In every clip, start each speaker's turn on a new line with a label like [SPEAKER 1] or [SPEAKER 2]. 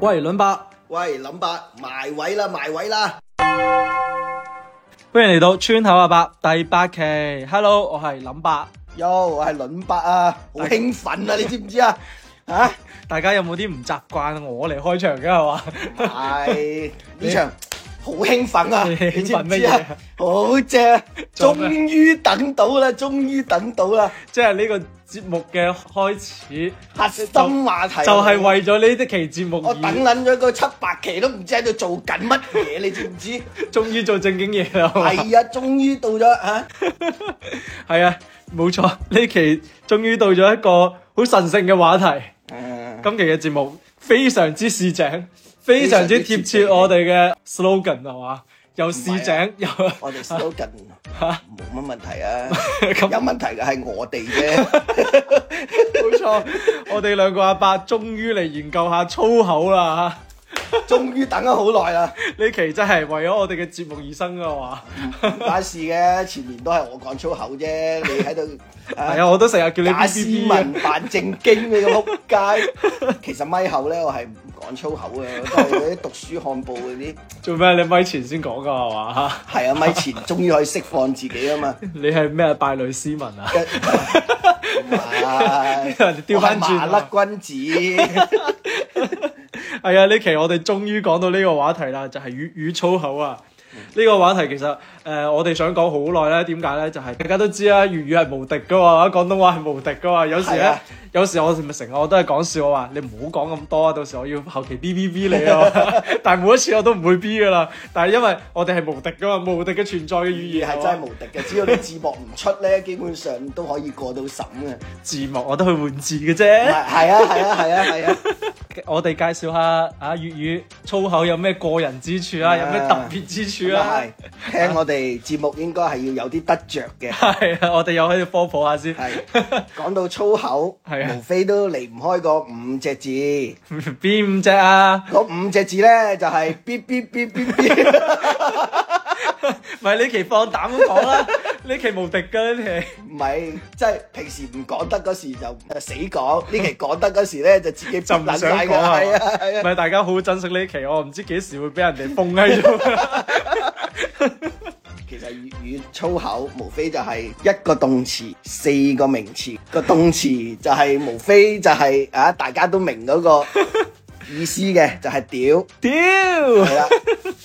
[SPEAKER 1] 喂，倫伯，
[SPEAKER 2] 喂，林伯，埋位啦，埋位啦！
[SPEAKER 1] 歡迎嚟到村口阿伯第八期，Hello，我係林伯
[SPEAKER 2] ，Yo, 我係倫伯啊，家好興奮啊，你知唔知道 啊？
[SPEAKER 1] 大家有冇啲唔習慣我嚟開場嘅係嘛？係 呢、哎、場。好興奮啊！ 你知唔知啊？麼好正、啊，終於等到啦！終於等到啦！即係呢個節目嘅開始核心話題，就係為咗呢啲期節目。我等
[SPEAKER 2] 緊咗個七八期都唔知喺度做
[SPEAKER 1] 緊乜嘢， 你知唔知？終於做正經嘢啦！係
[SPEAKER 2] 啊，終於到咗
[SPEAKER 1] 啊！係 啊，冇錯，呢期終於到咗一個好神聖嘅話題。嗯、今期嘅節目非常之市井。非常之貼切我哋嘅 slogan 係嘛？又市井又我哋 slogan 吓，
[SPEAKER 2] 冇乜問題啊，咁有問題嘅係我哋啫。
[SPEAKER 1] 冇錯，我哋兩個阿伯終於嚟研究下粗口啦，終於等咗好耐啦。呢期真係為咗我哋嘅節目而生嘅話，
[SPEAKER 2] 冇事嘅，前面都係我講粗口啫，你喺度係啊。我都成日叫你假斯文扮正經，你個撲街。其實咪口咧，我係。講粗口啊！都係嗰啲讀書看報嗰啲。
[SPEAKER 1] 做咩？你咪前先講噶係嘛？係啊，咪前終於可以釋放自己啊嘛。 你係咩敗類斯文啊？調翻轉啦！我麻甩君子。係 啊，呢期我哋終於講到呢個話題啦，就係、粵、粵語粗口啊！呢個話題其實誒，我哋想講好耐咧。點解呢？就係大家都知啦，粵語係無敵噶嘛，廣東話係無敵噶嘛。有時咧，有時我咪成日我都係講笑，我話，你唔好講咁多啊，到時我要後期嗶嗶嗶你啊。但係每一次我都唔會嗶噶啦。但係因為我哋係無敵噶嘛，無敵嘅存在嘅語言係真係無敵嘅。只要你字
[SPEAKER 2] 幕唔出呢，基本上都可以過到審嘅。字幕我都去換字嘅啫。係啊，係啊，係啊，係啊。
[SPEAKER 1] 我哋介紹下啊，粵語粗口有咩過人之處啊？有咩特別之處？係、
[SPEAKER 2] 嗯啊、聽我哋節目應該係要有啲得着嘅，
[SPEAKER 1] 係啊，我哋又可以科普下先。係
[SPEAKER 2] 講到粗口，係 無非都離唔開嗰五隻字。邊 五隻啊？嗰五隻字咧就係嗶嗶
[SPEAKER 1] 嗶嗶嗶。 唔係呢期放膽咁講啦，呢 期無敵噶呢期。唔係
[SPEAKER 2] 是， 即係平時唔講得嗰時就死講，呢期講得嗰時咧就自己就唔 想講 啊。唔
[SPEAKER 1] 係、啊、大家好珍惜呢期，我唔知幾時會俾人哋封喺度。其實粵
[SPEAKER 2] 語粗口無非就係一個動詞，四個名詞。個動詞就係、是、無非就係、是、啊，大家都明嗰、那個。 意思嘅就係屌
[SPEAKER 1] 屌，係啦，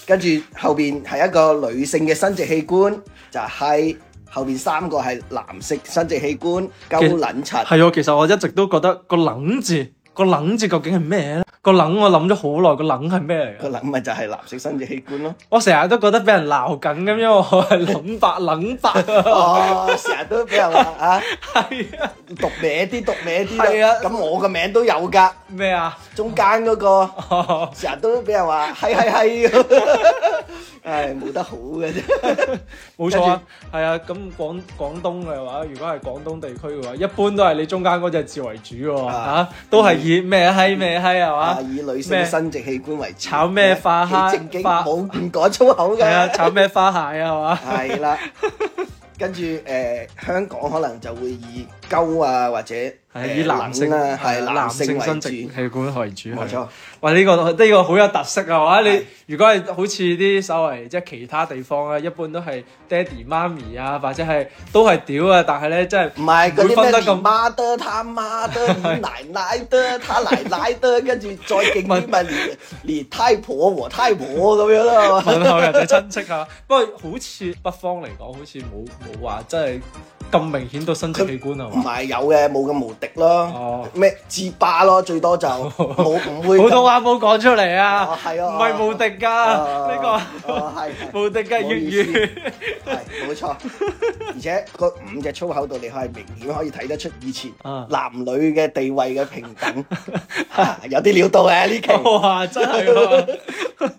[SPEAKER 2] 跟住後邊係一個女性嘅生殖器官，就係後邊三個係男性生殖器官，鳩撚柒。係啊，
[SPEAKER 1] 其實我一直都覺得個撚字，個撚字究竟係咩咧？個撚我諗咗好耐，個撚係咩嚟？個撚咪就係男性生殖器官咯。我成日都覺得俾人鬧緊咁樣，我係撚白撚白，成
[SPEAKER 2] 日都俾人話啊，係啊，讀歪啲，讀歪啲。係啊，咁我個名都有噶。咩啊？中間嗰個成日都俾人話，係係係，
[SPEAKER 1] 係冇得好嘅啫，冇錯。係啊，咁廣廣東嘅話，如果係廣東地區嘅話，一般都係你中間嗰隻字為主喎，都係以咩係咩係係嘛？以女性生殖器官為主，炒咩花蟹？正經冇唔講粗口嘅。係啊，炒咩花蟹啊？係嘛？係啦，
[SPEAKER 2] 跟住誒，香港可能就會以鳩啊或者。係以男性啊，係男性生殖
[SPEAKER 1] 器官為主，冇錯。哇！呢個呢個好有特色啊。話，你如果係好似啲稍為即係其他地方啊，一般都係爹哋媽咪啊，或者係都係屌啊，但係咧真係唔係佢分得爹哋媽
[SPEAKER 2] 的，他媽的，奶奶的，他奶奶的」，跟住再勁你問你太婆我太婆咁樣咯。問候人嘅親
[SPEAKER 1] 戚啊，不過好似北方嚟講，好似冇冇話真係。咁明顯都生殖器官啊嘛，唔係有嘅，冇咁無敵咯，咩自
[SPEAKER 2] 霸咯，最多就冇唔會，普通
[SPEAKER 1] 話冇講出嚟啊，係啊，唔係無敵噶呢個，係無敵噶粵語，係冇錯。而且
[SPEAKER 2] 個五隻粗口度，你可以明顯可以睇得出以前男女嘅地位嘅平等，有啲料到嘅呢期，
[SPEAKER 1] 哇真係，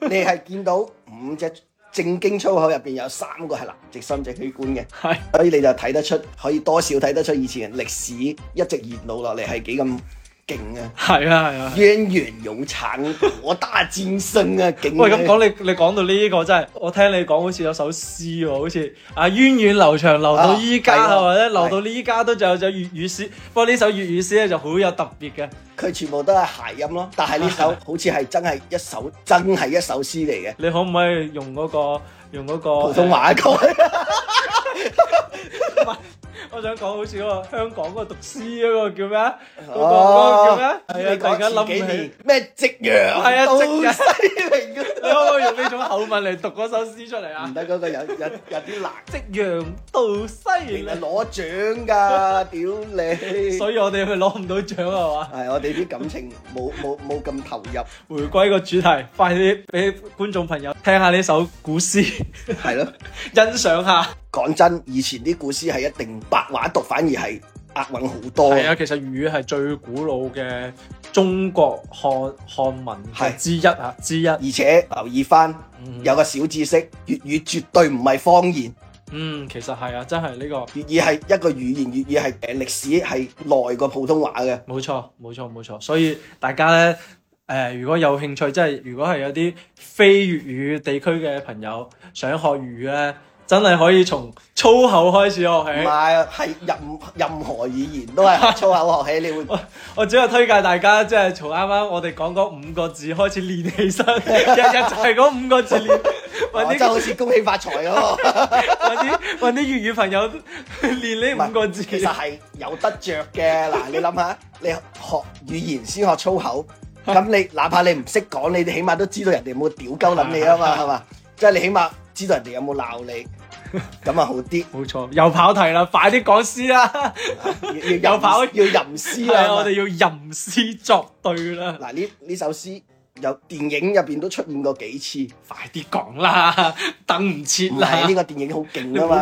[SPEAKER 2] 你係見到五隻。正經粗口入邊有三個係男性生殖器官嘅。是的 所以你就睇得出可以多少睇得出以前歷史一直熱鬧落嚟係幾咁。勁
[SPEAKER 1] 啊，係啊係啊，
[SPEAKER 2] 源遠流長，國大精深啊！啊啊喂，咁講你，
[SPEAKER 1] 你講到呢、這個真係，我聽你講好似有首詩喎，好似啊，源遠流長留，流到依家係咪咧？流到呢家都仲有首粵語詩，不過呢首粵語詩咧就好有特別嘅，
[SPEAKER 2] 佢全部都係諧音咯。但係呢首好似係真係一首，啊啊、真係一首詩嚟嘅。
[SPEAKER 1] 你可唔可以用嗰、那個用嗰、那個普通話講？ 我想講好似嗰個香港嗰個讀詩嗰個叫咩啊？嗰個嗰個叫咩啊？係啊，突然間諗起咩夕陽，係啊，杜西平嘅，你可唔可以用呢種口吻嚟讀嗰首詩出嚟啊？唔得，嗰個有有有啲辣。夕陽杜西平，原來攞獎㗎，屌你！所以我哋去攞唔到獎係嘛？係，我哋啲感情冇冇冇咁投入。回歸個主題，快啲俾觀眾朋友聽下呢首古詩，係咯，欣賞下。講真，以前啲古詩係一定白話讀，反而係押韻好多。係啊，其實粵語係最古老嘅中國漢漢文系之一啊，之一。而且留意翻，有個
[SPEAKER 2] 小知識，粵語絕對唔係方言。
[SPEAKER 1] 嗯，其實係啊，真係呢、這個粵語係
[SPEAKER 2] 一個語言，粵語係誒歷史係耐過普通話嘅。
[SPEAKER 1] 冇錯，冇錯，冇錯。所以大家呢，誒、呃，如果有興趣，即係如果係有啲非粵語地區嘅朋友想學粵語咧。真係可以從粗口開始學起，唔係係任任何語言都係粗口學起。你會 我我主要推介大家即係從啱啱我哋講嗰五個字開始練起身，日日 就係嗰五個字練。啲真好似恭喜發財
[SPEAKER 2] 哦！揾
[SPEAKER 1] 啲揾啲粵語朋友練呢五個字，其實係
[SPEAKER 2] 有得着嘅。嗱， 你諗下，你學語言先學粗口，咁 你哪怕你唔識講，你哋起碼都知道人哋冇屌鳩撚你啊嘛，係嘛？ 即係你起碼。知道人哋有冇鬧你，咁咪好啲。冇錯，
[SPEAKER 1] 又跑題啦，快啲講詩啦！又跑要吟詩啦，我哋要吟詩
[SPEAKER 2] 作對啦。嗱，呢呢首詩由電影入邊都出現過幾次， 快啲
[SPEAKER 1] 講啦！等唔切啦，呢、這個電
[SPEAKER 2] 影好勁啊嘛，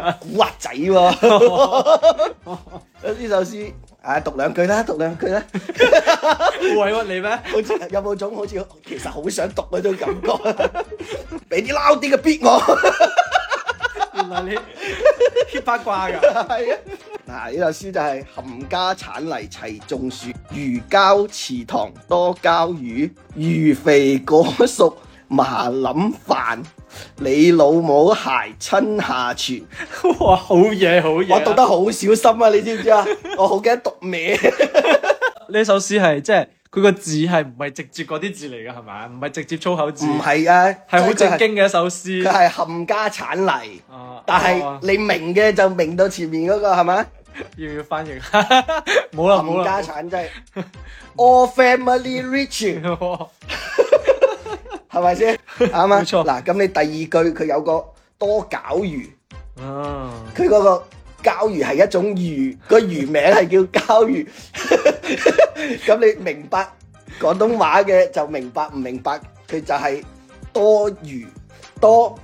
[SPEAKER 2] 啦古惑仔
[SPEAKER 1] 喎。
[SPEAKER 2] 呢 首詩。誒、啊，讀兩句啦，讀兩句啦。委屈你咩？ 好似有冇種好似其實好想讀嗰種感覺，畀啲撈啲嘅逼我。原來你揭八卦㗎，係啊。嗱、就是，呢首詩就係冚家鏟泥齊種樹，魚膠池塘多膠魚，魚肥果熟麻檸飯，你老母鞋親下廚，哇！好嘢，
[SPEAKER 1] 好嘢、啊，我讀得
[SPEAKER 2] 好小心啊，你知唔知啊？ 我好驚讀歪。
[SPEAKER 1] 呢 首詩係即係佢個字係唔係直接嗰啲字嚟噶，係嘛？唔係直接粗口字。唔係啊，係好正經嘅一首詩。佢係
[SPEAKER 2] 冚家產嚟，哦
[SPEAKER 1] 哦、但係你
[SPEAKER 2] 明嘅就明到前面嗰、嗰個係咪？
[SPEAKER 1] 要唔要翻譯？冇 啦了，冇啦。冚家產真
[SPEAKER 2] 係 all family rich。 係咪先啱啊？嗱，咁 錯你第二句佢有個多餃魚，佢嗰、啊、個餃魚係一種魚，個魚名係叫餃魚。咁 你明白廣東話嘅就明白，唔明白佢就係多魚多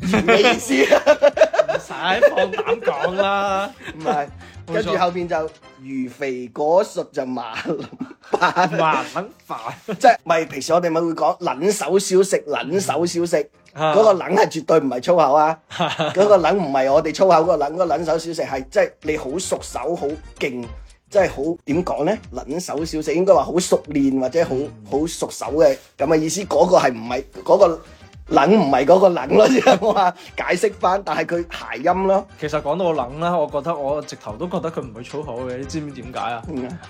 [SPEAKER 2] 魚嘅意思。唔 使放膽講啦，唔係跟住後邊就。 如肥果熟就麻煩林， 麻很煩，即係咪？平時我哋咪會講撚手小食，撚手小食嗰、 那個撚係絕對唔係粗口啊！嗰、 那個撚唔係我哋粗口嗰、那個撚，嗰撚手小食係即係你好熟手好勁，即係好點講呢？「撚手小食應該話好熟練或者好好熟手嘅咁嘅意思，嗰、那個係唔係嗰冷唔係嗰個冷咯，我
[SPEAKER 1] 話解釋翻，但係佢諧音咯。其實講到冷啦，我覺得我直頭都覺得佢唔會粗口嘅，你知唔知點解啊？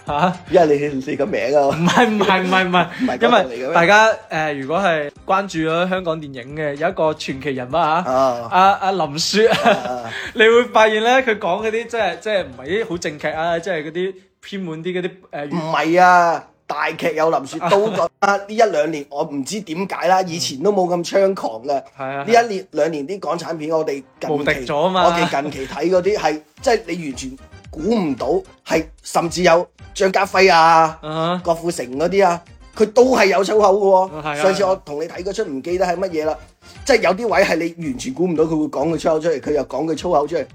[SPEAKER 1] 吓，因為你你個名啊。唔係唔係唔係唔係， 那因為大家誒、 呃，如果係關注咗香港電影嘅，有一個傳奇人物、哦、啊，阿阿林雪， 啊、 你會發現咧，佢講嗰啲即係即係唔係啲好正劇、呃、啊，即係嗰啲偏滿啲嗰啲誒。唔係
[SPEAKER 2] 啊。大劇有林雪都覺得呢一兩年我唔知點解啦，以前都冇咁猖狂嘅。係、嗯、啊，呢、啊、一年兩年啲港產片我哋無敵咗啊嘛！我哋近期睇嗰啲係即係你完全估唔到，係甚至有張家輝啊、uh、huh，郭富城嗰啲啊，佢都係有粗口嘅、哦。Uh，啊、上次我同你睇嗰出唔記得係乜嘢啦，即係有啲位係你完全估唔到佢會講佢粗口出嚟，佢又講句粗口出嚟。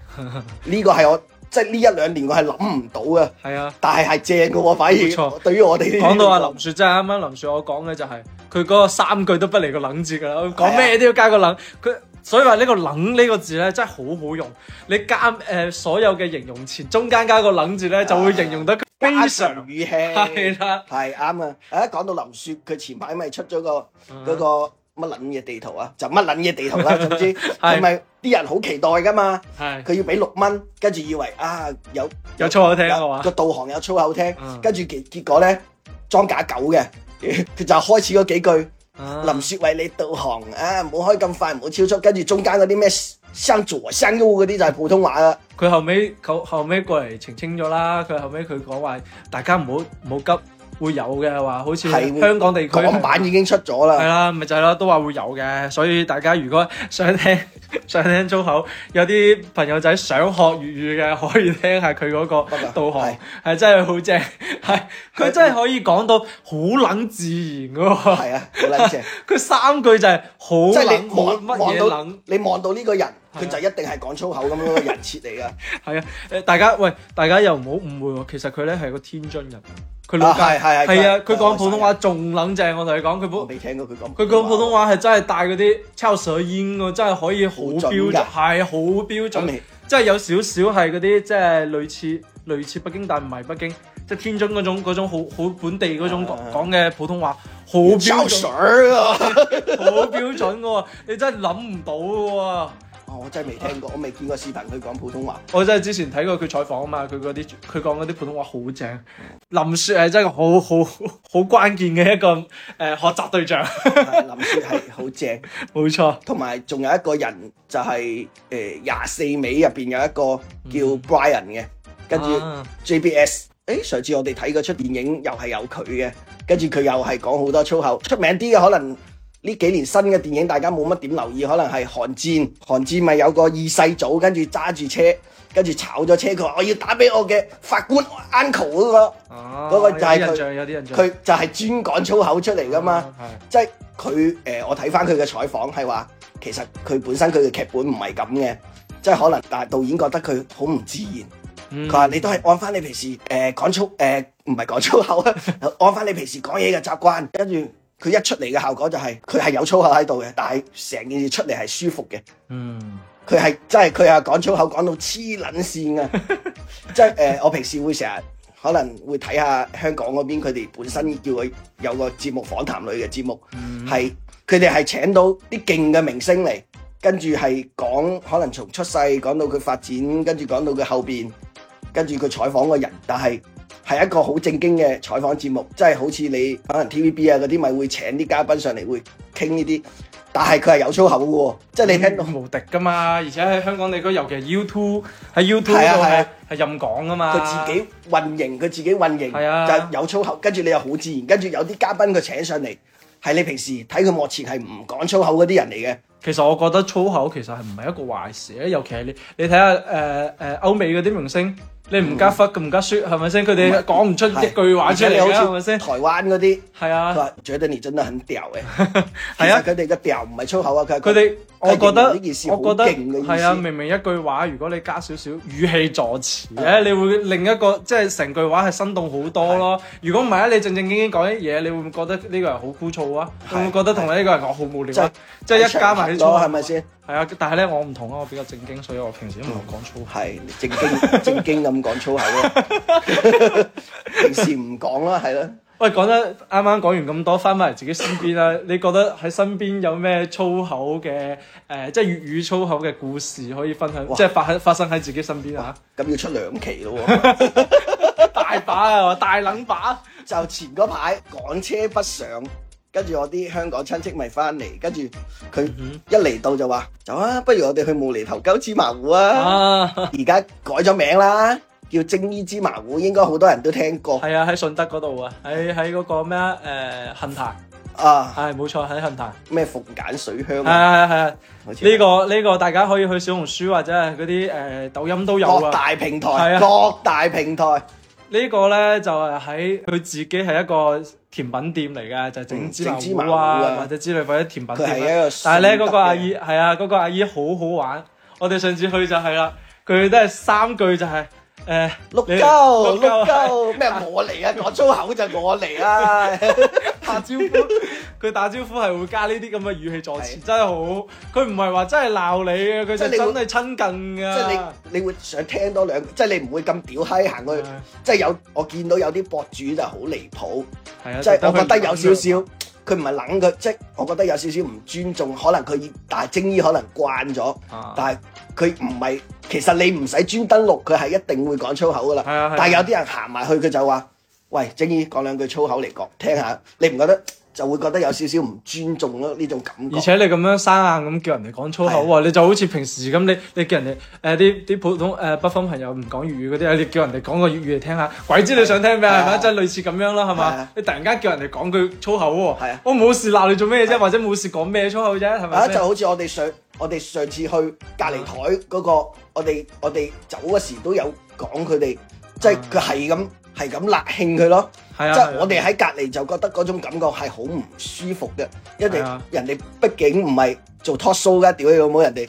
[SPEAKER 2] 呢個係我。即係呢一兩年我係諗唔到嘅，係啊，但係係正嘅，我反而，錯錯。對於我哋啲，講到阿林
[SPEAKER 1] 雪，真係啱啱林雪我講、就是，我講嘅就係佢嗰個三句都不離個冷字噶啦，講咩、啊、都要加個冷，佢所以話呢個冷呢個字咧真係好好用，你加誒、呃、所有嘅形容詞中間加個冷字咧，就會形容得非常語氣，係啦，
[SPEAKER 2] 係啱啊。誒、呃，講到林雪，佢前排咪出咗個個。啊啊乜撚嘢地圖啊？就乜撚嘢地圖啦，總之係咪啲人好期待噶嘛？係。佢要俾六蚊，跟住以為啊有有粗口聽嘅話，個導航有粗口聽，跟住結結果咧裝假狗嘅，佢就開始嗰幾句林雪為你導航啊，唔好開咁快，唔好超速，跟住中間嗰啲咩聲左聲右嗰啲就係普通話啦。
[SPEAKER 1] 佢後尾後後尾過嚟澄清咗啦。佢後尾佢講話大家唔好唔好急。會有嘅話，好似的香港地區港版已經出咗啦。係啦，咪就係咯，都話會有嘅。所以大家如果想聽想聽粗口，有啲朋友仔想學粵語嘅，可以聽下佢嗰個導航，係的的真係好正，係佢的的真係可以講到好冷自然嘅喎。係啊，好冷靜。佢 三句就係好冷，乜嘢冷？
[SPEAKER 2] 你望到呢個人。佢就一
[SPEAKER 1] 定係講粗口咁樣嘅人設嚟噶。係啊，誒，大家喂，大家又唔好誤會喎。其實佢咧係個天津人，佢老係係係啊，佢講、啊、他普通話仲噢冷靜。我同你講，佢冇未聽過佢講。佢講普通話係真係帶嗰啲抽水煙，我真係可以好標準，係好標準。即係有少少係嗰啲，即係類似類似，類似北京，但唔係北京，即係天津嗰種嗰種好好本地嗰種講嘅、啊、普通話，好標準，好 標準嘅，你真係諗唔到嘅。我真係未聽過，我未見過視頻佢講普通話。我真係之前睇過佢採訪啊嘛，佢啲佢講嗰啲普通話好正。林雪係真係好好好關鍵嘅一個誒、呃、學習對象。 林雪係好正，
[SPEAKER 2] 冇 錯。同埋仲有一個人就係誒廿四味入邊有一個叫 Brian 嘅，跟住 JBS、欸。誒上次我哋睇嗰出電影又係有佢嘅，跟住佢又係講好多粗口，出名啲嘅可能。呢幾年新嘅電影，大家冇乜點留意，可能係《寒戰》。《寒戰》咪有個二世祖，跟住揸住車，跟住炒咗車，佢話我要打俾我嘅法官 Uncle 嗰個，嗰、啊、個就係佢，有啲印
[SPEAKER 1] 象、有啲印象、佢
[SPEAKER 2] 就係專講粗口出嚟噶嘛。啊、即係佢誒，我睇翻佢嘅採訪係話，其實佢本身佢嘅劇本唔係咁嘅，即係可能，但係導演覺得佢好唔自然。佢話、嗯、你都係按翻你平時誒、呃、講粗誒唔係講粗口啦， 按翻你平時講嘢嘅習慣，跟住。佢一出嚟嘅效果就係佢係有粗口喺度嘅，但係成件事出嚟係舒服嘅。嗯，佢係真係佢係講粗口講到黐撚線啊！即係誒，我平時會成日可能會睇下香港嗰邊佢哋本身叫佢有個節目，訪談類嘅節目，係佢哋係請到啲勁嘅明星嚟，跟住係講可能從出世講到佢發展，跟住講到佢後邊，跟住佢採訪個人，但係。係一個好正經嘅採訪節目，即係好似你可能 TVB 啊嗰啲，咪會請啲嘉賓上嚟會傾呢啲，但係佢係有粗口嘅，即係你聽到、嗯、無
[SPEAKER 1] 敵噶嘛。而且喺香港你嗰，尤其係 YouTube 喺 YouTube 都係係任講噶、啊啊、嘛。佢自己運營，佢自己運營，啊、就有粗口，
[SPEAKER 2] 跟住你又好自然。跟住有啲嘉賓佢請上嚟，係你平時睇佢幕前係唔講粗口嗰
[SPEAKER 1] 啲人嚟嘅。其實我覺得粗口其實係唔係一個壞事咧，尤其係你你睇下誒誒歐美嗰啲明星。你唔加忽咁唔加雪，係咪先？佢哋講唔出一句話出嚟啊，係
[SPEAKER 2] 咪先？台灣嗰啲係啊，覺得你真係很屌嘅，係啊，佢哋嘅屌唔係
[SPEAKER 1] 粗口啊，佢佢哋我覺得我覺得係啊，明明一句話，如果你加少少語氣助詞，誒，你會另一個即係成句話係生動好多咯。如果唔係咧，你正正經經講啲嘢，你會唔會覺得呢個人好枯燥啊？會唔會覺得同你呢個人講好無聊，即係一加埋錯，係咪先？係啊，但係咧我唔同啊。我比較正經，所以我平時唔講粗口。係、嗯、正經正經咁講粗口咯， 平時唔
[SPEAKER 2] 講啦，係咯。
[SPEAKER 1] 喂，講得啱啱講完咁多，翻返嚟自己身邊啦。 你覺得喺身邊有咩粗口嘅誒、呃，即係粵語粗口嘅故事可以分享？哇即係發喺發生喺自己身邊啊！咁要出兩期咯、啊， 大把啊，大撚把，就
[SPEAKER 2] 前嗰排趕車不上跟住我啲香港親戚咪翻嚟，跟住佢一嚟到就話：走啊，不如我哋去無厘頭鳩芝麻糊啊！而家、啊啊、改咗名啦，叫蒸衣芝麻糊，應該好多人都聽過。係
[SPEAKER 1] 啊，喺順德嗰度、呃、啊，喺喺嗰個咩啊？誒杏壇啊，係冇錯，喺杏壇。咩逢簡水鄉？係係係。呢個呢個大家可以去小紅書或者係嗰啲誒抖音都有啊。各大平台，啊、各大平台.。 呢個呢，就係喺佢自己係一個甜品店嚟嘅，就係、是、整芝麻糊啊、嗯、芝麻糊啊或者之類或者甜品店。是但係咧嗰個阿姨係啊，嗰個阿姨好好玩。嗯、我哋上次去就係啦，佢、嗯、都係三句就係、是。誒，六鳩六鳩咩我嚟啊？講粗口就我嚟啊！打招呼，佢打招呼係會加呢啲咁嘅語氣助詞，真係好。佢唔係話真係鬧你啊，佢就真係親近啊。即係你你會想
[SPEAKER 2] 聽多兩句，即係你唔會咁屌閪行去。即係有我見到有啲博主就好離譜，即係我覺得有少少。佢唔係諗佢。即我覺得有少少唔尊重，可能佢但係精醫可能慣咗。啊、但係佢唔係，其實你唔使專登錄，佢係一定會講粗口噶啦。是啊是啊，但係有啲人行埋去，佢就話，喂，精醫講兩句粗口嚟講，聽下，嗯、你唔覺得？就會覺得有少少唔尊重咯，呢種感覺。而且
[SPEAKER 1] 你咁樣生硬咁叫人哋講粗口喎，你就好似平時咁，你你叫人哋誒啲啲普通誒、呃、北方朋友唔講粵語嗰啲啊，你叫人哋講個粵語嚟聽下，鬼知你想聽咩，係咪？即係是、啊、類似咁樣啦係嘛？是啊、你突然間叫人哋講句粗口喎，我冇事鬧你做咩啫？或者冇事講咩粗口啫？係咪？啊，就好
[SPEAKER 2] 似我哋上我哋上次去隔離台嗰個，嗯、個我哋我哋走嗰時都有講佢哋，即係佢係咁。係咁辣興佢咯，即係我哋喺隔離就覺得嗰種感覺係好唔舒服嘅，因為人哋畢竟唔係做 talk show 嘅，屌你老母，人哋。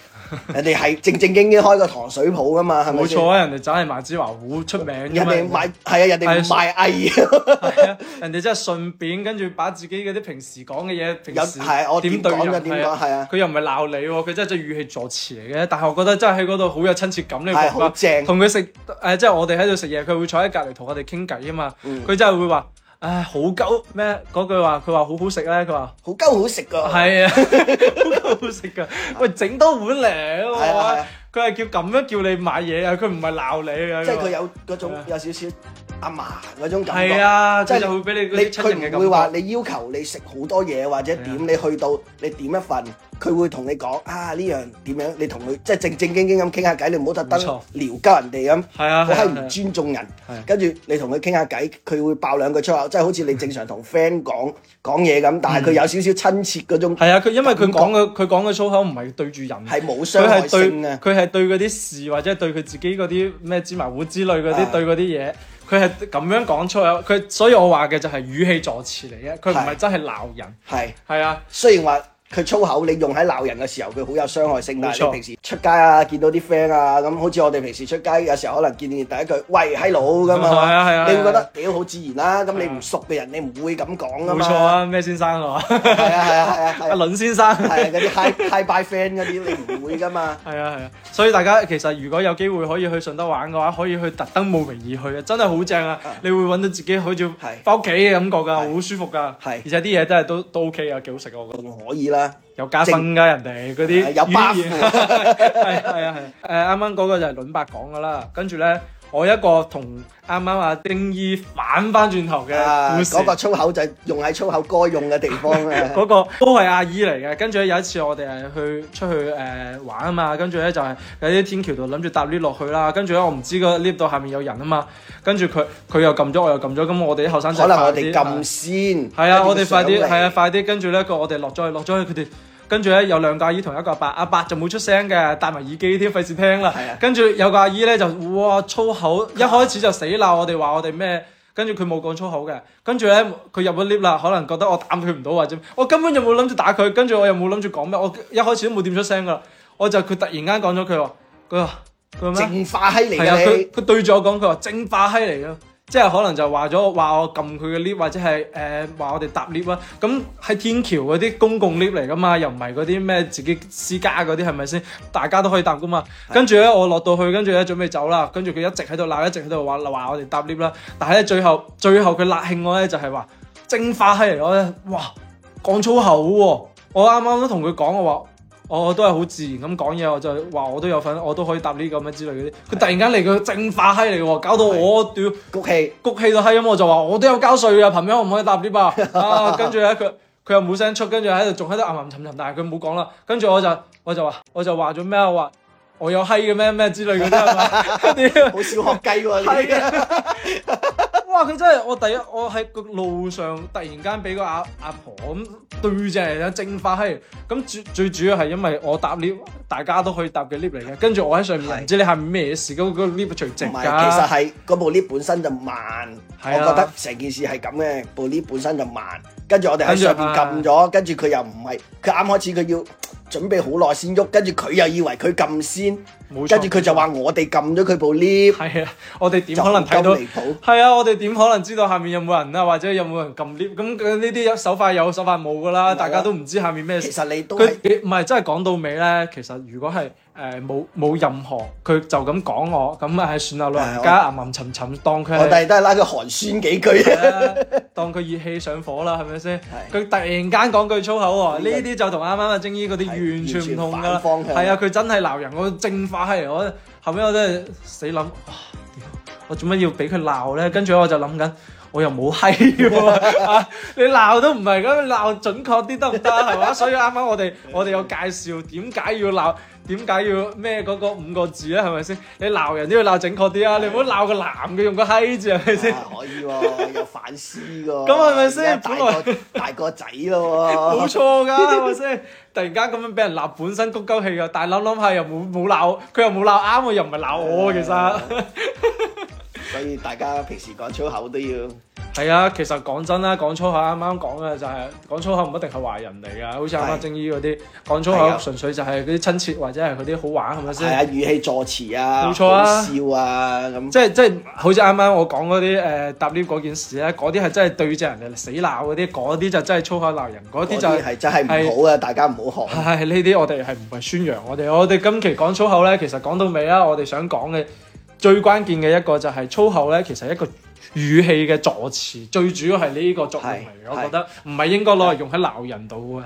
[SPEAKER 2] 人哋係正正經經開個糖水鋪噶嘛，係咪？冇錯啊，
[SPEAKER 1] 人哋就係賣芝麻糊出名。人哋賣係啊，人哋賣藝。係啊，人哋真係順便跟住把自己嗰啲平時講嘅嘢，平時點對人點講，係啊。佢又唔係鬧你喎，佢真係即係語氣助詞嚟嘅。但係我覺得真係喺嗰度好有親切感，你覺唔覺得？正同佢食誒，即係我哋喺度食嘢，佢會坐喺隔籬同我哋傾偈啊嘛。佢真係會話。唉，好鳩咩嗰句話，佢話好好食咧，佢話好鳩好食噶，係啊，好鳩好食噶，喂、啊，整多碗嚟。佢係叫咁樣叫你買嘢啊，佢唔係鬧你啊，即係佢有
[SPEAKER 2] 嗰種有少少。阿嫲嗰種感覺係啊，即係會俾你嗰啲親情嘅感覺。佢唔會話你要求你食好多嘢，或者點你去到你點一份，佢會同你講啊呢樣點樣。你同佢即係正正經經咁傾下偈，你唔好特登撩鳩人哋咁，好閪唔尊重人。跟住你同佢傾下偈，佢會爆兩句粗口，即係好似你正常同 friend 講講嘢咁，但係佢有少少親切嗰種。係啊，佢因為佢講嘅
[SPEAKER 1] 佢講嘅粗口唔係對住人，係冇傷害性嘅。佢係對佢係對嗰啲事，或者對佢自己嗰啲咩芝麻糊之類嗰啲，對嗰啲嘢。佢係咁樣講出嚟，佢所以我話嘅就係語氣助詞嚟嘅，佢唔係真係鬧人。係係是啊，
[SPEAKER 2] 雖然話。佢粗口你用喺鬧人嘅時候，佢好有傷害性。冇錯，平時出街啊，見到啲 friend 啊，咁好似我哋平時出街有時候可能見面第一句，喂嗨佬咁啊嘛，你會覺得幾好自然啦。咁你唔熟嘅人，你唔會咁講噶嘛。冇錯啊，
[SPEAKER 1] 咩先生啊嘛。係啊係啊係啊，阿倫先生。係嗰啲 high high
[SPEAKER 2] bye friend 嗰啲你唔會噶嘛。
[SPEAKER 1] 係啊係啊，所以大家其實如果有機會可以去順德玩嘅話，可以去特登慕名而去啊，真係好正啊！你會揾到自己好似翻屋企嘅感覺噶，好舒服噶。係，而且啲嘢真係都都 OK 啊，幾好食啊，我覺得。可以啦。有加薪噶人哋嗰啲，有包袱。係係啊係。誒、啊，啱啱嗰個就係倫伯講噶啦，跟住呢。我一個同啱啱阿丁姨反翻轉頭嘅，嗰、那個
[SPEAKER 2] 粗口就係用喺粗口該用嘅地方啊！嗰
[SPEAKER 1] 個都係阿姨嚟嘅。跟住咧有一次我哋誒去出去誒、呃、玩啊嘛，跟住咧就係喺啲天橋度諗住搭 lift 落去啦。跟住咧我唔知個 lift 到下面有人啊嘛，跟住佢佢又撳咗，我又撳咗。咁我哋啲後生仔可能我哋撳先，先，係啊，啊我哋快啲，係啊，快啲。跟住咧個我哋落咗去，落咗去佢哋。跟住有兩個阿姨同一個阿伯，阿伯就冇出聲嘅，戴埋耳機添，費事聽啦。是啊、跟住有個阿姨咧就哇粗口，一開始就死鬧我哋話我哋咩，跟住佢冇講粗口嘅。跟住咧佢入咗 lift 啦，可能覺得我打佢唔到或者我根本就冇諗住打佢，跟住我又冇諗住講咩，我一開始都冇點出聲噶。我就佢突然間講咗佢話，佢話佢咩？淨化閪嚟、啊、你。係啊，佢對住我講，佢話淨化閪嚟咯。即係可能就我話咗話我撳佢嘅 lift 或者係誒、呃、話我哋搭 lift 啊，咁喺天橋嗰啲公共 lift 嚟噶嘛，又唔係嗰啲咩自己私家嗰啲係咪先？大家都可以搭噶嘛。的跟住咧我落到去，跟住咧準備走啦，跟住佢一直喺度鬧，一直喺度話話我哋搭 lift 啦。但係咧最後最後佢辣興我咧就係、是、話蒸發氣嚟咗咧，哇講粗口喎！我啱啱都同佢講我話。我都係好自然咁講嘢，我就話我都有份，我都可以搭呢啲咁之類嗰啲。佢的突然間嚟個正化閪嚟喎，搞到我屌的谷氣氣，谷氣到閪咁，我就話我都有交稅啊，憑咩唔可以搭呢、啊？ 啊，跟住咧佢佢又冇聲出，跟住喺度仲喺度吟吟沉沉，但係佢冇講啦。跟住我就我就話我就話咗咩啊話。我我有閪嘅咩咩之類嗰啲係嘛？點
[SPEAKER 2] 好小學雞喎！
[SPEAKER 1] 哇！佢真係我第一，我喺個路上突然間俾個阿阿婆咁對正嚟，正化閪咁，最最主要係因為我搭 lift，大家都可以搭嘅 lift 嚟嘅。跟住我喺上邊，唔知你係咩事咁？嗰 lift 唔係，其實係
[SPEAKER 2] 嗰部 lift 本身就慢，啊、我覺得成件事係咁嘅，部 lift 本身就慢。跟住我哋喺上邊撳咗，跟住佢又唔係佢啱開始佢要。準備好耐先喐，跟住佢又以為佢撳先，
[SPEAKER 1] 跟住佢就
[SPEAKER 2] 話我哋撳咗佢部
[SPEAKER 1] lift。係啊，我哋點可能睇到？係啊，我哋點可能知道下面有冇人啊？或者有冇人撳 lift？咁呢啲手法有手法冇㗎啦，啊、大家都唔知下面咩事。其實你都係唔係真係講到尾咧？其實如果係。誒，冇冇、呃、任何佢就咁講我，咁啊係算啦，老人家吟吟沉沉當佢係，我哋都係拉佢寒暄幾句啦， 當佢熱氣上火啦，係咪先？佢對突然間講句粗口，呢啲對就同啱啱阿精醫嗰啲完全唔同噶啦，係啊，佢真係鬧人，我正翻嚟，我後尾我都係死諗，我做乜要俾佢鬧咧？跟住我就諗緊，我又冇閪、啊 啊，你鬧都唔係咁鬧，準確啲得唔得？係嘛， 所以啱啱我哋我哋有介紹點解要鬧。點解要咩嗰個五個字咧？係咪先？你鬧人都要鬧正確啲啊！呦你唔好鬧個男嘅用個「嗨」字係咪先？是是
[SPEAKER 2] 可以喎，啊，有反思喎。咁係咪先？大個大個仔咯喎！冇 錯㗎，係咪
[SPEAKER 1] 先？突然間咁樣俾人鬧，本身谷鳩氣嘅，但諗諗下又冇冇鬧，佢又冇鬧啱喎，又唔係鬧我的其實。啊啊
[SPEAKER 2] 所以大家
[SPEAKER 1] 平時講粗口都要係啊，其實講真啦，講粗口啱啱講嘅就係講粗口唔一定係壞人嚟㗎，好似阿正義嗰啲講粗口，純的粹就係嗰啲親切或者係嗰啲好玩，係咪先？係啊，語氣
[SPEAKER 2] 助詞啊，冇錯啊，笑啊
[SPEAKER 1] 咁。即係即係，好似啱啱我講嗰啲誒，搭 lift 嗰件事咧，嗰啲係真係對住人哋嚟死鬧嗰啲，嗰啲就真係粗口鬧人，嗰啲就係真係唔好
[SPEAKER 2] 啊。是大家唔好
[SPEAKER 1] 學。呢啲我哋係唔係宣揚，我哋我哋今期講粗口咧，其實講到尾啦，我哋想講嘅。最關鍵嘅一個就係粗口咧，其實是一個語氣嘅助詞，最主要係呢個作用嚟嘅。是是我覺得唔係應該攞嚟用喺鬧人度嘅。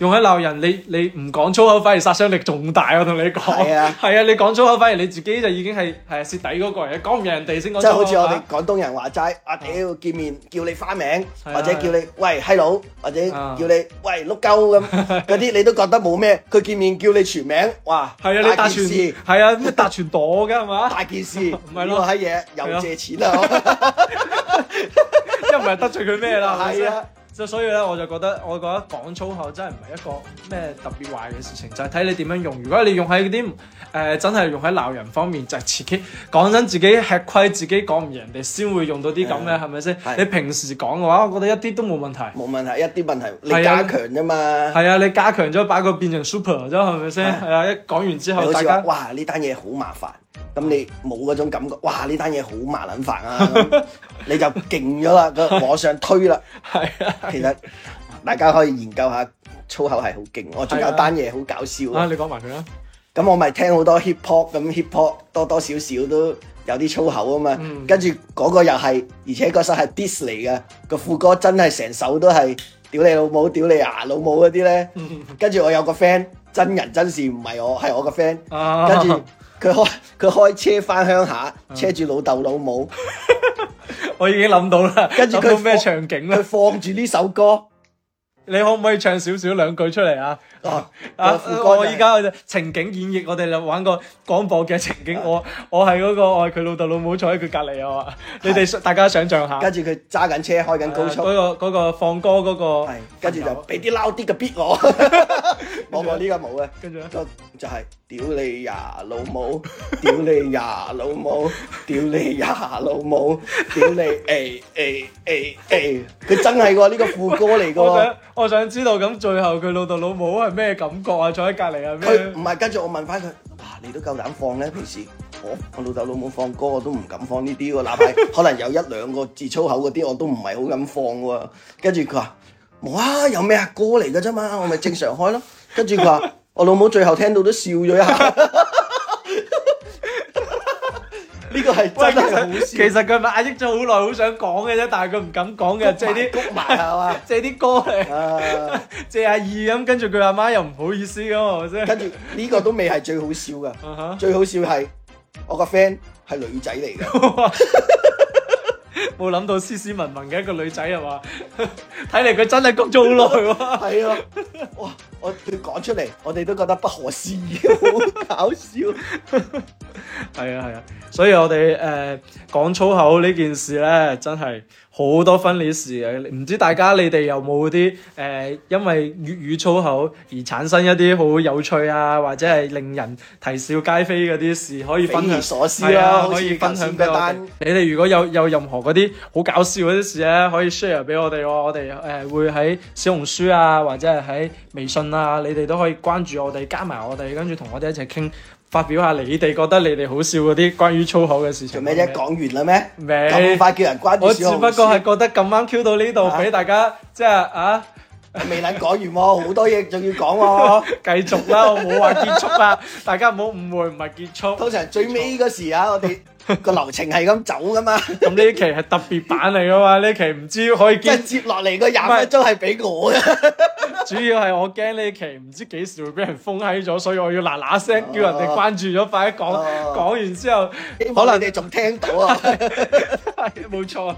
[SPEAKER 1] 用喺鬧人，你你唔講粗口反而殺傷力仲大。我同你講，係啊，係啊，你講粗口反而你自己就已經係係蝕底嗰個嚟嘅，講唔贏人哋先講。即係好似我哋
[SPEAKER 2] 廣東人話齋，阿屌見面叫你花名，或者叫你喂閪佬，或者叫你喂碌鳩咁嗰啲，你都覺得冇咩。佢見面叫你全名，哇！
[SPEAKER 1] 係啊，你達全係啊，咩達全朵嘅係嘛？大件事，唔係囉，呢個閪
[SPEAKER 2] 嘢又借錢啦，
[SPEAKER 1] 一唔係得罪佢咩啦？係啊。就所以咧，我就覺得，我覺得講粗口真係唔係一個咩特別壞嘅事情，就係、係、睇你點樣用。如果你用喺嗰啲誒真係用喺鬧人方面，就係、自己講真自己吃虧，自己講唔贏，人哋先會用到啲咁嘅，係咪先？係係啊、你平時講嘅話，我覺得一啲都冇問題。冇問題，一啲問題。你加強啫嘛。係啊，啊，你加強咗，把佢變成 super 咗，係咪先？係啊，啊，一講完之後，大家哇，
[SPEAKER 2] 呢單嘢好麻煩。
[SPEAKER 1] 咁你冇嗰
[SPEAKER 2] 種感覺，哇！呢單嘢好麻捻煩啊， 你就勁咗啦，個往上推啦。係啊，其實大家可以研究下粗口係好勁， 我仲有單嘢好
[SPEAKER 1] 搞笑。啊， 你講埋佢啦。
[SPEAKER 2] 咁我咪聽好多 hip hop，咁 hip hop 多多少少都有啲粗口啊嘛。嗯。跟住嗰個又係，而且個首係 dis 嚟嘅，個副歌真係成首都係屌你老母、屌你呀、啊、老母嗰啲咧。跟住 我有個 friend，真人真事唔係我，係我個 friend。跟住。佢開佢開車返鄉下，車住老豆老母，
[SPEAKER 1] 我已經諗到啦，跟住佢咩場景咧？佢放住呢首歌。你可唔可以唱少少兩句出嚟啊？啊！我依家情景演繹，我哋就玩個廣播嘅情景。我我係嗰個愛佢老豆老母坐喺佢隔離啊！你哋大家想象下，跟
[SPEAKER 2] 住佢揸緊車開緊高速，
[SPEAKER 1] 嗰個放歌嗰個，跟住就俾啲撈啲嘅逼我。
[SPEAKER 2] 我我呢個冇啊。跟住咧就，就係屌你呀老母，屌你呀老母，屌你呀老母，屌你 A A A A。你真係喎、哦，呢、這個副歌嚟噶、哦。我想，
[SPEAKER 1] 我想知道咁最後佢老豆老母係咩感覺啊？坐喺隔離啊咩？佢唔係跟住我問翻佢，哇、啊！你都夠膽放咧？平時、哦、我老豆老母
[SPEAKER 2] 放歌我都唔敢放呢啲喎，哪怕可能有一兩個字粗口嗰啲我都唔係好敢放喎、哦。跟住佢話冇啊，有咩啊歌嚟㗎啫嘛，我咪正常開咯。跟住佢話我老母最後聽到都笑咗一下。
[SPEAKER 1] 呢個係真係好笑。其實佢壓抑咗好耐，好想講嘅啫，但係佢唔敢講嘅，完借啲谷埋係嘛，借啲歌嚟、啊、借下意咁，跟住佢阿媽又唔好意思咁，係咪先？跟住著呢 個都未係最好笑噶，啊、哈最好笑係我個 friend 係女仔嚟嘅。哇 冇諗到斯斯文文嘅一個女仔係嘛，睇嚟佢真係谷咗好耐喎。
[SPEAKER 2] 係啊，哇、啊！我佢講出嚟，我哋都覺得不可思議，好搞笑。
[SPEAKER 1] 係啊係啊，所以我哋誒講粗口呢件事咧，真係。好多分裂事啊！唔知大家你哋有冇啲誒，因為粵語粗口而產生一啲好有趣啊，或者係令人啼笑皆非嗰啲事，可以分享，係啊，可以分享一單。你哋如果有有任何嗰啲好搞笑嗰啲事咧，可以 share 俾我哋喎、啊，我哋誒會喺小紅書啊，或者係喺微信啊，你哋都可以關注我哋，加埋我哋，跟住同我哋一齊傾。發表下你哋覺得你哋好笑嗰啲關於粗口嘅事情。做咩啫？講完啦咩？未麼。咁快叫人關注小紅書。我只不過係覺得咁啱 Q 到呢度、啊，俾大家即係啊，未撚講完喎、啊，好 多嘢仲要講喎、啊，繼 續啦，我冇話結束啊， 大家唔好誤會，唔係結束，通常最尾嗰時啊，我哋。 個流程係咁走噶嘛？咁呢 期係特別版嚟噶嘛？呢 期唔知可以見接接落嚟個廿分鐘係俾我嘅。 主要係我驚呢期唔知幾時會俾人封閪咗，所以我要嗱嗱聲叫人哋關注咗，快啲講，講完之後，可能你仲聽到啊？係冇錯，錯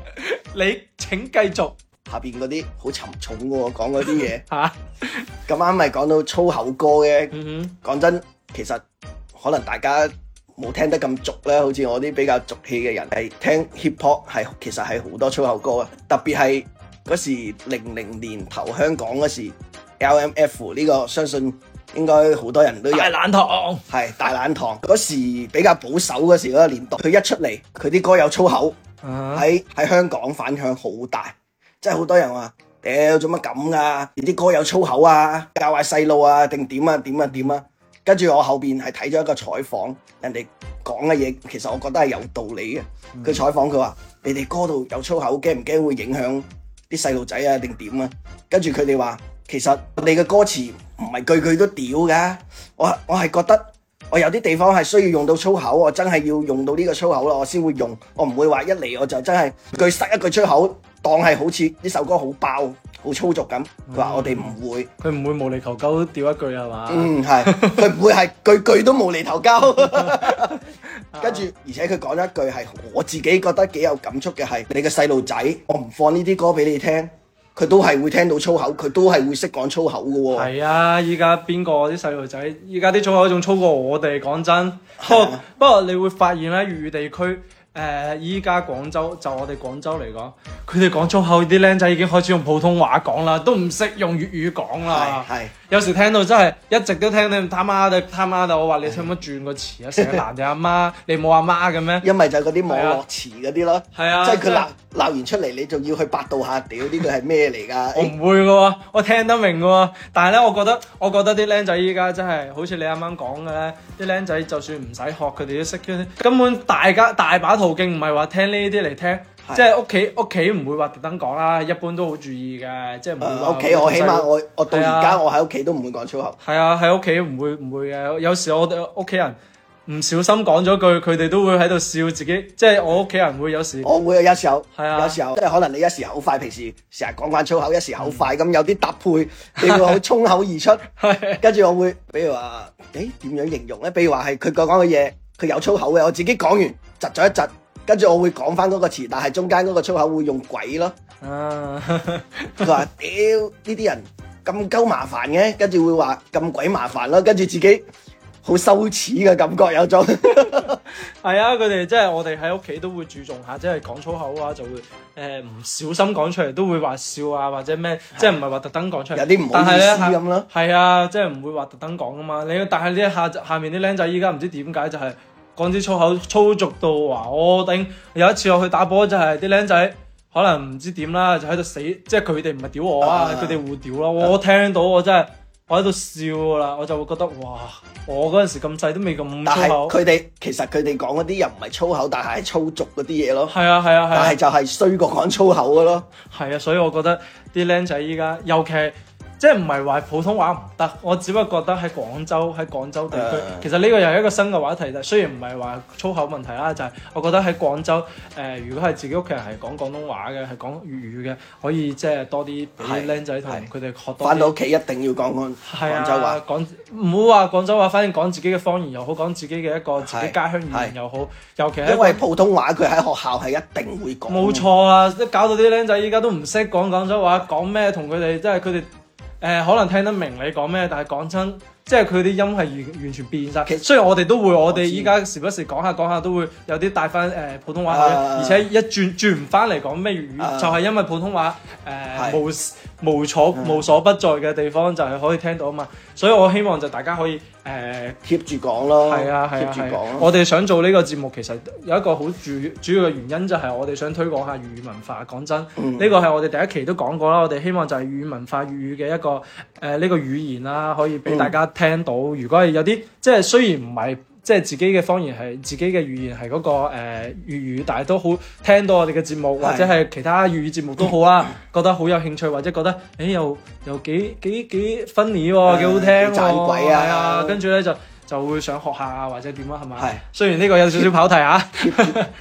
[SPEAKER 1] 你請繼續下
[SPEAKER 2] 邊嗰啲好沉重嘅講嗰啲嘢吓。咁啱咪講到粗口歌嘅，講 真，其實可能大家。冇聽得咁俗咧，好似我啲比較俗氣嘅人係聽 hip hop，係其實係好多粗口歌啊！特別係嗰時零零年頭香港嗰時，L M F 呢、這個相信應該好多人都有。係大懶堂，係大懶堂嗰時比較保守嗰時嗰、那個、年代，佢一出嚟佢啲歌有粗口，喺喺、uh huh。香港反響好大，即係好多人話：屌做乜咁㗎？啲、啊、歌有粗口啊，教壞細路啊，定點啊點啊點啊！跟住我後邊係睇咗一個採訪，人哋講嘅嘢其實我覺得係有道理嘅。佢採訪佢話：你哋歌度有粗口，驚唔驚會影響啲細路仔啊？定點啊？跟住佢哋話：其實我哋嘅歌詞唔係句句都屌㗎。我我係覺得我有啲地方係需要用到粗口，我真係要用到呢個粗口咯，我先會用。我唔會話一嚟我就真係句塞一句粗口，當係好似呢首歌好爆。好粗俗咁，話、嗯、我哋唔會，佢唔會無
[SPEAKER 1] 厘求鳩，屌一句係嘛？嗯，係，
[SPEAKER 2] 佢唔會係句句都無厘求鳩。跟住， 而且佢講咗一句係我自己覺得幾有感觸嘅係，你個細路仔，我唔放呢啲歌俾你聽，佢都係會聽到粗口，佢都係會識講粗口嘅喎、哦。
[SPEAKER 1] 係啊，依家邊個啲細路仔？依家啲粗口仲粗過我哋，講真。不過你會發現咧，粵語地區。誒，依家廣州就我哋廣州嚟講，佢哋講粗口啲僆仔已經開始用普通話講啦，都唔識用粵語講啦。有時聽到真係一直都聽你他媽的他媽的，我話你使唔使轉個詞啊？成日鬧啲阿媽， 你冇阿媽嘅咩？因為就嗰啲網絡
[SPEAKER 2] 詞嗰啲咯，係啊，即係佢鬧鬧完出嚟，你仲要去百度下，屌呢個係
[SPEAKER 1] 咩嚟㗎？ 欸、我唔會嘅喎，我聽得明嘅喎，但係咧，我覺得我覺得啲僆仔依家真係好似你啱啱講嘅咧，啲僆仔就算唔使學，佢哋都識嘅，根本大家大把途徑，唔係話聽呢啲嚟聽。是即係屋企屋企唔會話特登講啦，一般都好注意嘅，即係唔會。屋企、呃、我起碼我我到而是的 家
[SPEAKER 2] 我喺屋企都唔會講粗口。
[SPEAKER 1] 係啊，喺屋企唔會唔會嘅。有時我屋企人唔小心講咗句，佢哋都會喺度笑自己。即係我屋企人會有時。我
[SPEAKER 2] 會有一手。係啊，有時候即係可能你一時好快，平時成日講慣粗口，一時好快咁、嗯、有啲搭配，你會好衝口而出。跟住 是的 我會，比如話，誒點樣形容咧？比如話係佢講講嘅嘢，佢有粗口嘅，我自己講完窒咗一窒。跟住我會講翻嗰個詞，但係中間嗰個粗口會用鬼咯。佢話、啊：屌呢啲人咁鳩麻煩嘅，跟住會話咁鬼麻煩咯。跟住自己好羞恥嘅感覺有種。
[SPEAKER 1] 係 啊，佢哋即係我哋喺屋企都會注重下，即、就、係、是、講粗口啊，就是、會誒唔小心講出嚟，都會話笑啊或者咩，即係唔係話特登講出嚟。有啲唔好意思咁咯。係啊，即係唔會話特登講啊嘛。你但係呢下下面啲僆仔依家唔知點解就係、是。講啲粗口粗俗到話我頂，有一次我去打波就係啲僆仔可能唔知點啦，就喺度死，即係佢哋唔係屌我啊，佢哋互屌咯、啊，我聽到我真係我喺度笑噶啦，我就會覺得哇，我嗰陣時咁細都未咁粗口。但係佢哋
[SPEAKER 2] 其實佢哋講嗰啲又唔係粗口，但
[SPEAKER 1] 係粗俗嗰啲嘢咯。係啊係啊係啊。啊啊啊但係就係衰過講粗口噶咯。係啊，所以我覺得啲僆仔依家尤其。即係唔係話普通話唔得？我只不過覺得喺廣州，喺廣州地區，uh、其實呢個又係一個新嘅話題。就雖然唔係話粗口問題啦，就係、是、我覺得喺廣州，誒、呃，如果係自己屋企人係講廣東話嘅，係講粵語嘅，可以即係多啲俾僆仔同佢哋學多翻到屋企一
[SPEAKER 2] 定要講廣州話。係啊，就話
[SPEAKER 1] 唔好話廣州話，反正講自己嘅方言又好，講自己嘅一個自己家鄉語言又好。尤其係因為普
[SPEAKER 2] 通話，佢喺學
[SPEAKER 1] 校係一定會講。冇錯啊！一搞到啲僆仔依家都唔識講廣州話，講咩同佢哋即係佢哋。誒、呃、可能聽得明你講咩，但係講真，即係佢啲音係完完全變晒。雖然實我哋都會，我哋依家時不時講下講下都會有啲帶翻誒、呃、普通話口音，啊、而且一轉轉唔翻嚟講咩粵語，啊、就係因為普通話誒冇。啊呃無所無所不在嘅地方就係可以聽到啊嘛，所以我希望就大家可以誒、呃、貼住講咯，啊、貼住講。啊啊啊、我哋想做呢個節目，其實有一個好主主要嘅原因就係我哋想推廣下粵語文化。講真，呢個係我哋第一期都講過啦。我哋希望就係粵語文化、粵語嘅一個誒呢、呃呢個語言啦、啊，可以俾大家聽到。嗯、如果係有啲即係雖然唔係。即係自己嘅方言係自己嘅語言係嗰、那個誒粵、呃、語,語，但係都好聽到我哋嘅節目，的或者係其他粵語,語節目都好啊， 覺得好有興趣，或者覺得誒、欸、又又幾幾幾 funny 喎、啊，幾好聽喎，盞鬼啊，係啊，跟住咧就。就會想學下或者點啊，係嘛？是雖然呢個有少少跑題啊，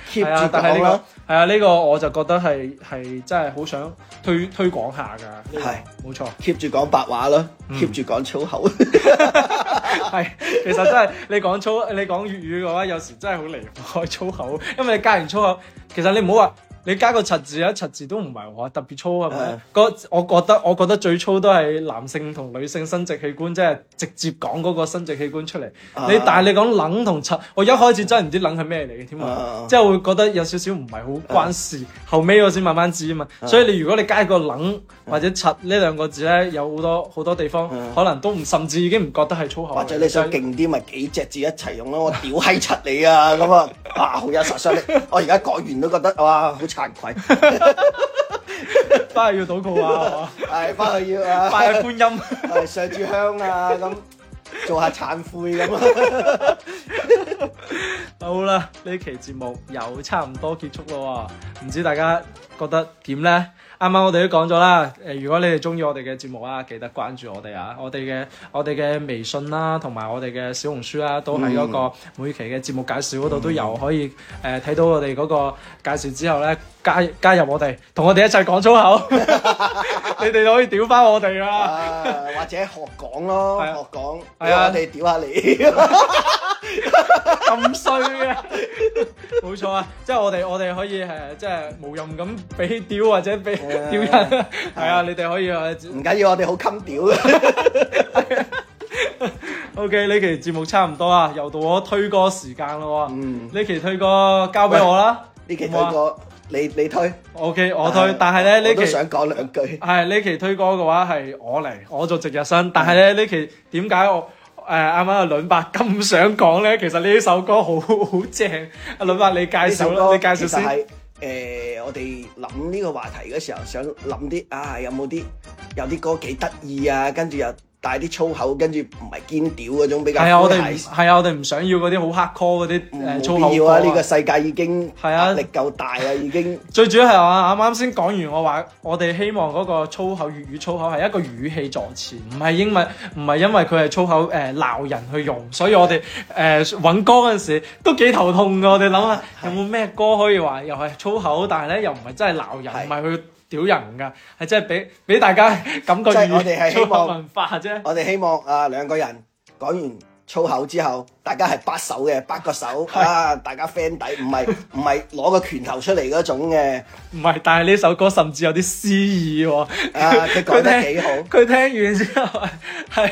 [SPEAKER 1] 係 啊，但係呢、呢個係啊，呢、呢個我就覺得係係真係好想推推廣下噶。係是，冇錯
[SPEAKER 2] ，keep 住講白話咯，keep 住講粗口。
[SPEAKER 1] 係、嗯， 其實真係你講粗你講粵語嘅話，有時真係好離唔開粗口， 因為你加完粗口，其實你唔好話。你加個柒字，一柒字都唔係話特別粗，係咪？我覺得，我覺得最粗都係男性同女性生殖器官，即係直接講嗰個生殖器官出嚟。你但係你講冷同柒，我一開始真係唔知冷係咩嚟嘅添啊，即係會覺得有少少唔係好關事。後尾我先慢慢知啊嘛。所以你如果你加個冷或者柒呢兩個字咧，有好多好多地方可能都唔甚至已經唔覺得係粗口。或者你想
[SPEAKER 2] 勁啲咪幾隻字一齊用咯？我屌閪柒你啊咁啊！哇，好有殺傷力！我而家改完都覺得哇慚慚愧，翻 去 要禱告啊！係翻去要啊，拜 觀
[SPEAKER 1] 音，係 上柱香啊，咁做下懺悔咁。 好啦，呢期節目又差唔多結束咯。唔知大家覺得點咧？啱啱我哋都講咗啦，誒、呃、如果你哋中意我哋嘅節目啊，記得關注我哋啊，我哋嘅我哋嘅微信啦，同、啊、埋我哋嘅小紅書啦、啊，都喺嗰個每期嘅節目介紹嗰度、嗯、都有，可以誒睇、呃、到我哋嗰個介紹之後咧，加加入我哋，同我哋一齊講粗口， 你哋可以屌翻我哋 啊，或者學
[SPEAKER 2] 講咯，啊、學講，俾、啊、我哋
[SPEAKER 1] 屌下你。 咁衰嘅，冇錯啊！即係我哋，我哋可以誒，即係無任咁俾屌或者俾屌人，係啊！你哋可以啊，唔緊要，我哋好襟屌啊。O K，呢期節目差唔多啊，又到我推歌時間咯。嗯，呢期推歌交俾我啦。呢期推歌，
[SPEAKER 2] 你你推。
[SPEAKER 1] O K，我推。但係咧呢期，我都想
[SPEAKER 2] 講兩句。
[SPEAKER 1] 係呢期推歌嘅話係我嚟，我做值日生。但係咧呢期點解我？誒，啱啱阿倫伯咁想講咧，其實呢一首歌好好正，阿倫伯你介紹啦，首你介紹先。
[SPEAKER 2] 誒、呃，我哋諗呢個話題嗰時候想諗啲啊，有冇啲有啲歌幾得意啊？跟住又。但啲粗口跟住唔係堅屌嗰
[SPEAKER 1] 種比較，係啊，我哋係啊，我哋唔想要嗰啲好黑 core 嗰啲誒粗口。冇必要啊！呢、呃這個世界已經係啊，力夠大啦，已經。最主要係話啱啱先講完，我話我哋希望嗰個粗口粵語粗口係一個語氣助詞，唔係英文，唔係因為佢係粗口誒鬧、呃、人去用，所以我哋誒揾歌嗰陣時都幾頭痛㗎。我哋諗下有冇咩歌可以話又係粗口，但係咧又唔係真係鬧人，唔係去。的的屌人噶，係真係俾俾大家感覺粵語粗口文化
[SPEAKER 2] 啫。我哋希望啊兩個人講完粗口之後，大家係拍手嘅，拍個手啊，大家 friend 底，唔係唔係攞個拳頭出嚟嗰種嘅。
[SPEAKER 1] 唔係，但係呢首歌甚至有啲詩意喎。啊，佢講得幾好。
[SPEAKER 2] 佢聽完之後係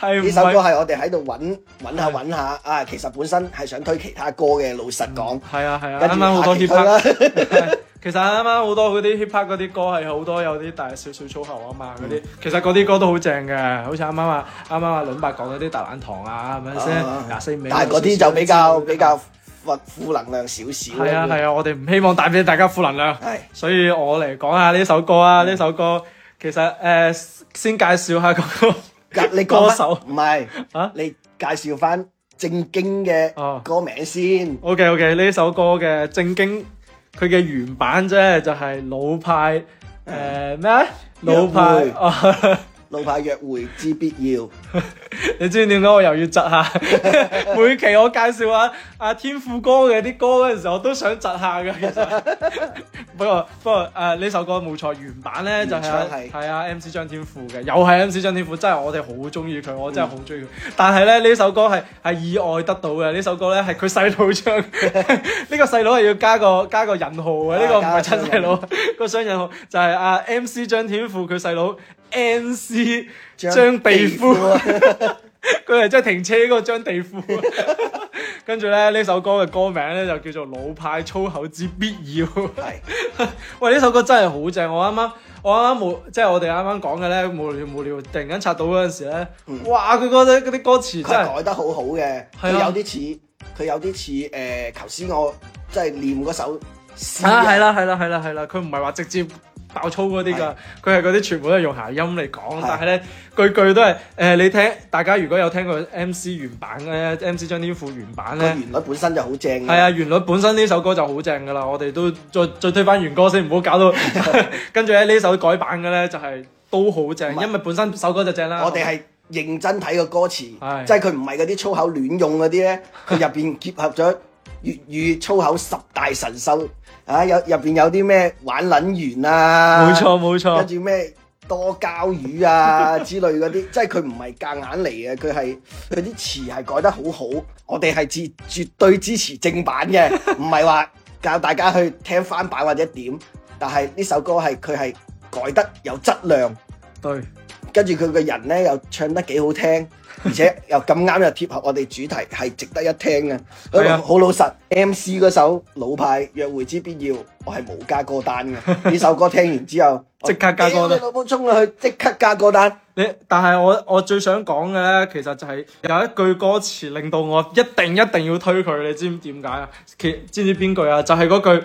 [SPEAKER 2] 係呢首歌係我哋喺度揾揾下揾下啊，其實本身係想推其他歌嘅，老實講。
[SPEAKER 1] 係啊係啊，啱啱好多結婚啦。其實啱啱好多嗰啲 hiphop 嗰啲歌係好多有啲大少少粗口啊嘛，嗰啲其實嗰啲歌都好正嘅，好似啱啱啊，啱啱啊，阿倫伯講嗰啲大懶堂啊，係咪先？廿四秒。但係嗰啲就比較
[SPEAKER 2] 比較負負能量少少。係啊係
[SPEAKER 1] 啊，我哋唔希望帶俾大家負能量。係，所以我嚟講下呢首歌啊，呢首歌其實誒先介紹下
[SPEAKER 2] 個歌歌手，唔係啊，你介紹翻正經嘅歌名先。
[SPEAKER 1] OK OK，呢首歌嘅正經。佢嘅原版啫，就係、是、老派，誒、呃、咩？
[SPEAKER 2] 老派。
[SPEAKER 1] 老派約會之必要， 你知唔知點解我又要窒下？ 每期我介紹下阿、啊、天賦哥嘅啲歌嘅時我都想窒下嘅。其實不過 不過，誒呢、啊、首歌冇錯，原版咧就係、是、係啊，啊 MC 張天賦嘅，又係 MC 張天賦，真係我哋好中意佢，我真係好中意佢。嗯、但係咧呢首歌係係意外得到嘅，呢首歌咧係佢細佬唱，呢 個細佬係要加個加個引號嘅，呢、啊、個唔係親細佬，個雙引號就係、是、阿、啊、MC 張天賦佢細佬。MC 張地富，佢係即係停車嗰個張地庫， 跟住咧呢首歌嘅歌名咧就叫做老派粗口之必要。 喂，呢首歌真係好正，我啱啱、like，我啱啱冇即係我哋啱啱講嘅咧無聊無聊，突然間刷到嗰陣時咧，嗯、哇！佢覺得嗰啲歌詞真係改得好
[SPEAKER 2] 好嘅，佢有啲似佢有啲似誒，頭先我即係念嗰首啊，係
[SPEAKER 1] 啦係啦係啦係啦，佢唔係話直接。爆粗嗰啲噶，佢係嗰啲全部都係用諧音嚟講，是的 但係咧句句都係，誒、呃、你聽，大家如果有聽過 MC 原版咧、呃、，MC 張天賦原版咧，
[SPEAKER 2] 旋律本身就好正。係啊，
[SPEAKER 1] 旋律本身呢首歌就好正噶啦，我哋都再再推翻原歌先，唔好搞到。 跟住咧呢首改版嘅咧就係、是、都好正，是因為本身首歌就正啦。我哋係認真睇個歌詞，即係
[SPEAKER 2] 佢唔係嗰啲粗口亂用嗰啲咧，佢入邊結合咗。粵語粗口十大神獸啊！有，入邊有啲咩玩撚完啊！冇錯冇錯，跟住咩多膠魚啊之類嗰啲， 即係佢唔係夾硬嚟嘅，佢係佢啲詞係改得好好。我哋係支絕對支持正版嘅，唔係話教大家去聽翻版或者點。但係呢首歌係佢係改得有質量。對。跟住佢個人呢又唱得幾好聽，而且又咁啱又貼合我哋主題，係值得一聽嘅。嗰個好老實，MC 嗰首老派約會之必要，我係冇加歌單嘅。呢首歌聽完之後，即刻加歌單！老闆衝落去，即刻加歌單。
[SPEAKER 1] 你但係我我最想講嘅呢，其實就係有一句歌詞令到我一定一定要推佢，你知唔知點解啊？知唔知邊句啊？就係嗰句。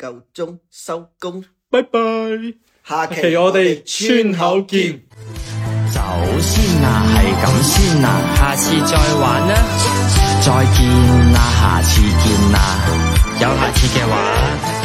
[SPEAKER 2] 夠鐘收工，拜拜 bye。下期，下期我哋村
[SPEAKER 1] 口見，走先啦，啊，係咁先啦，啊，下次再玩啦，啊，再見啦，啊，下次見啦，啊，有下次嘅話。